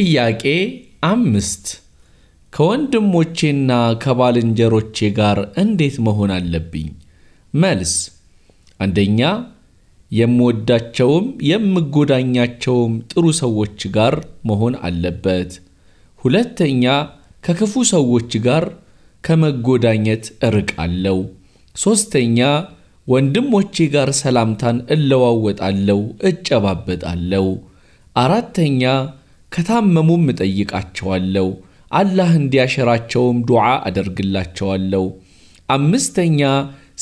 ጥያቄ አምስት ከወንድሞቼና ከባልንጀሮቼ ጋር እንዴት መሆን አለብኝ? መልስ፣ አንደኛ የምወዳቸውም የምጎዳኛቸውም ጥሩ ሰዎች ጋር መሆን አለበት። ሁለተኛ ከክፉ ሰዎች ጋር ከመጎዳኘት እርቃለሁ። ሦስተኛ ወንድሞቼ ጋር ሰላምታን እለዋወጣለሁ፣ እጨባበጣለሁ። አራተኛ ከታመሙም እጠይቃቸዋለሁ፣ አላህ እንዲያሸራቸውም ዱዓ አደርግላቸዋለሁ። አምስተኛ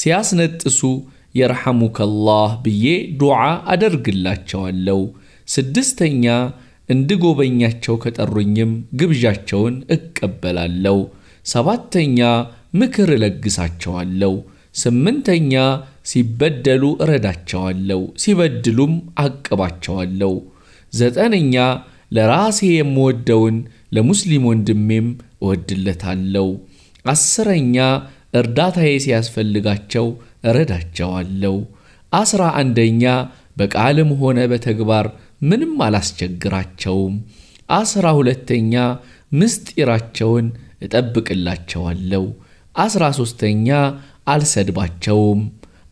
ሲያስነጥሱ የርሐሙከላህ ብዬ ዱዓ አደርግላቸዋለሁ። ስድስተኛ እንድጎበኛቸው ከጠሩኝም ግብዣቸውን እቀበላለሁ። ሰባተኛ ምክር እለግሳቸዋለሁ። ስምንተኛ ሲበደሉ እረዳቸዋለሁ፣ ሲበድሉም አቅባቸዋለሁ። ዘጠነኛ ለራሴ የምወደውን ለሙስሊም ወንድሜም እወድለታለሁ። አስረኛ እርዳታዬ ሲያስፈልጋቸው እረዳቸዋለሁ። አስራ አንደኛ በቃልም ሆነ በተግባር ምንም አላስቸግራቸውም። አስራ ሁለተኛ ምስጢራቸውን እጠብቅላቸዋለሁ። አስራ ሦስተኛ አልሰድባቸውም፣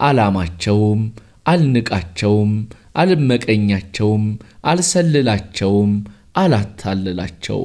አላማቸውም፣ አልንቃቸውም፣ አልመቀኛቸውም፣ አልሰልላቸውም አላታለላቸው።